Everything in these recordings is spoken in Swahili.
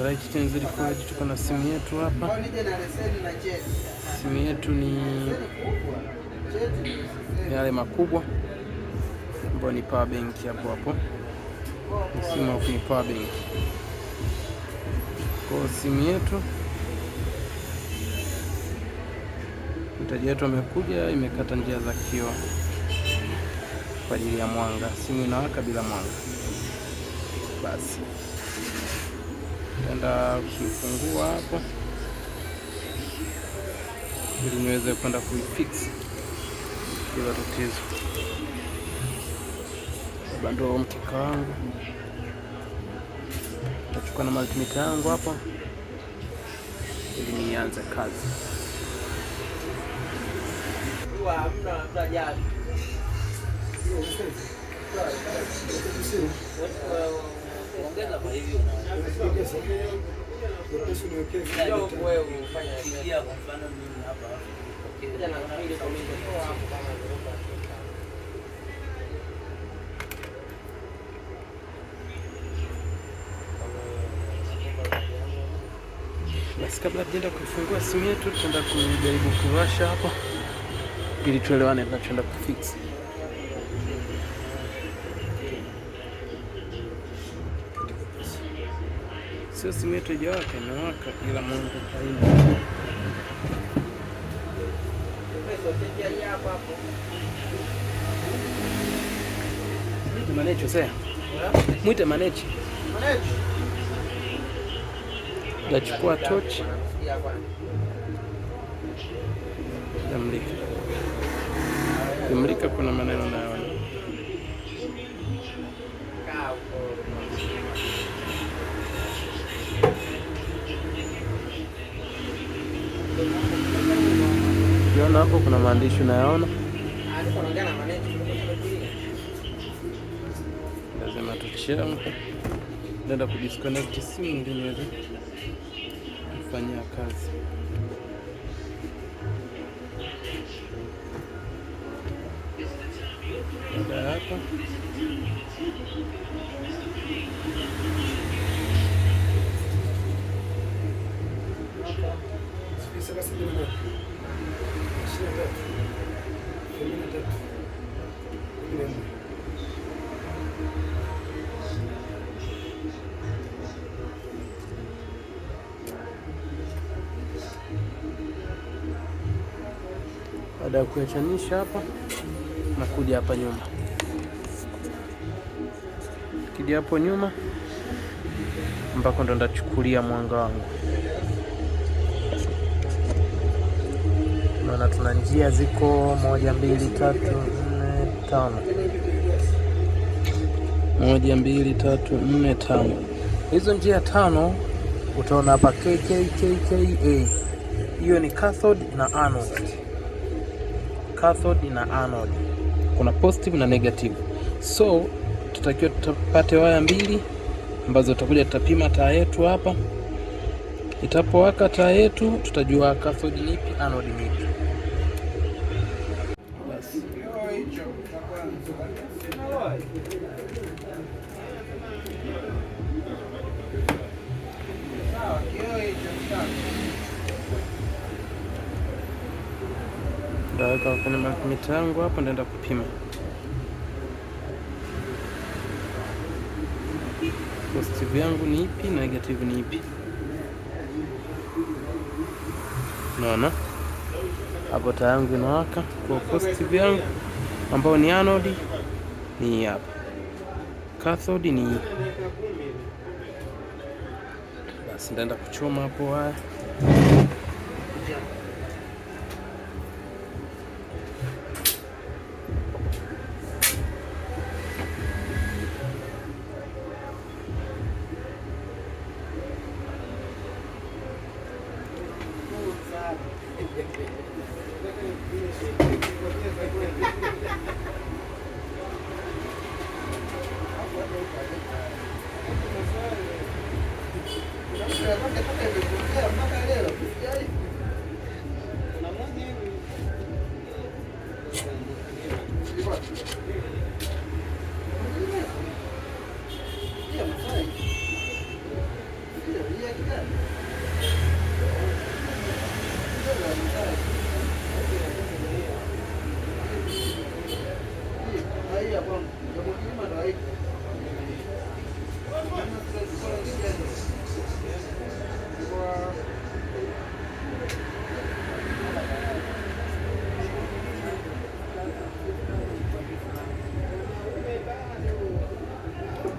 Right Tuko na simu yetu hapa. Simu yetu ni yale makubwa ambayo ni power bank hapo hapo, simu ni power bank kwa simu yetu. Mteja wetu amekuja, imekata njia za kioo kwa ajili ya mwanga, simu inawaka bila mwanga basi enda kuifungua hapa ili niweze kwenda kuifix hilo tatizo. Bandoa mkeka wangu, tachukua na multimeter yangu hapa ili nianze kazi. Basi kabla tujaenda kuifungua simu yetu, tutaenda kujaribu kuwasha hapa ili tuelewane tunachoenda kufix. sio simu yetu ijawaka, imewaka ila mwanga haina. Mwite manechi sasa. Mwite manechi. Nachukua tochi. Jamlika. kuna maneno nayo. hapo, kuna maandishi unayaona, lazima tuchemke. Naenda kudisconnect simu ndio niweze kufanyia kazi. Baada ya hapo Baada ya kuyachanisha hapa na kuja hapa nyuma, kija hapo nyuma ambako ndo ndachukulia mwanga wangu. tuna njia ziko moja, mbili, tatu, nne, tano. Moja, mbili, tatu, nne, tano. Hizo njia tano utaona hapa KKKKA, hiyo ni cathode na anode. Cathode na anode, kuna positive na negative, so tutakiwa tutapate waya mbili ambazo tutakuja tutapima taa yetu hapa. Itapowaka taa yetu tutajua cathode ipi anode ipi Nitaweka kwenye mita yangu hapo, ndaenda kupima positive yangu ni ipi negative ni ipi. Naona hapo taa yangu inawaka kwa positive yangu ambayo ni anode ni hapa, cathode ni basi, ndaenda kuchoma hapo haya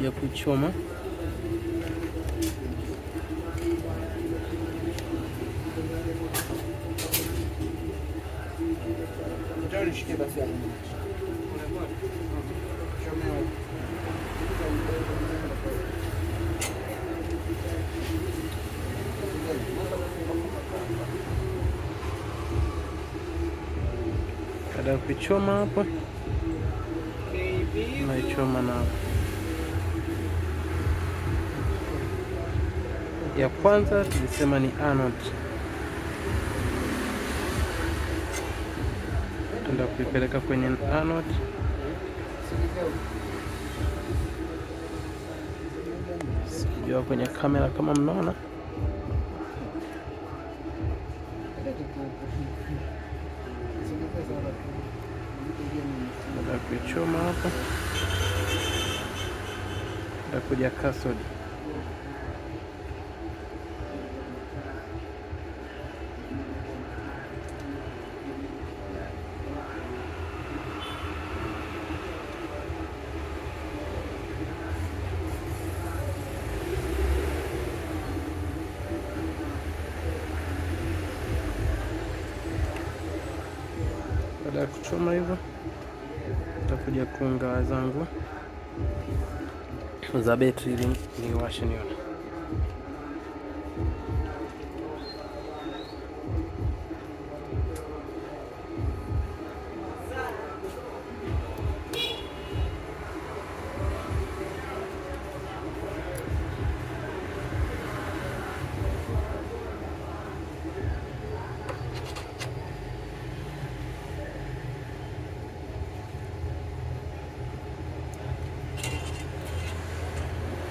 дякую чому. Дорічки досягнемо. Kada kuchoma hapo naichoma na hapo ya kwanza tulisema ni anode, tenda kuipeleka kwenye anode sikijua kwenye kamera kama mnaona da kuichoma hapa, da kuja kasodi Baada ya kuchoma hivyo, nitakuja kuunga zangu za betri ili niwashe nione.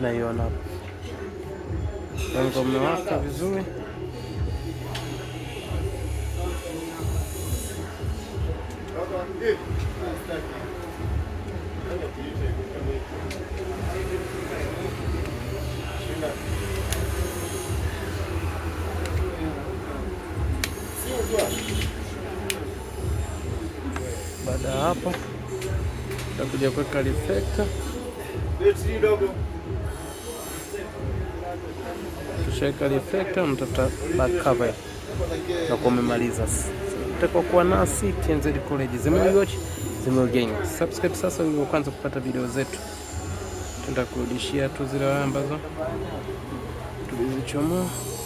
naiona hapo, mmewaka vizuri. Baada ya hapo kuja kuweka reflector, tushaweka reflector, mtata back cover na kumemaliza. Mtakuwa kuwa nasi TMZ College, zimeoch zimeogeni. Subscribe sasa ili uanze kupata video zetu, tutakurudishia tu zile ambazo tulizichomoa.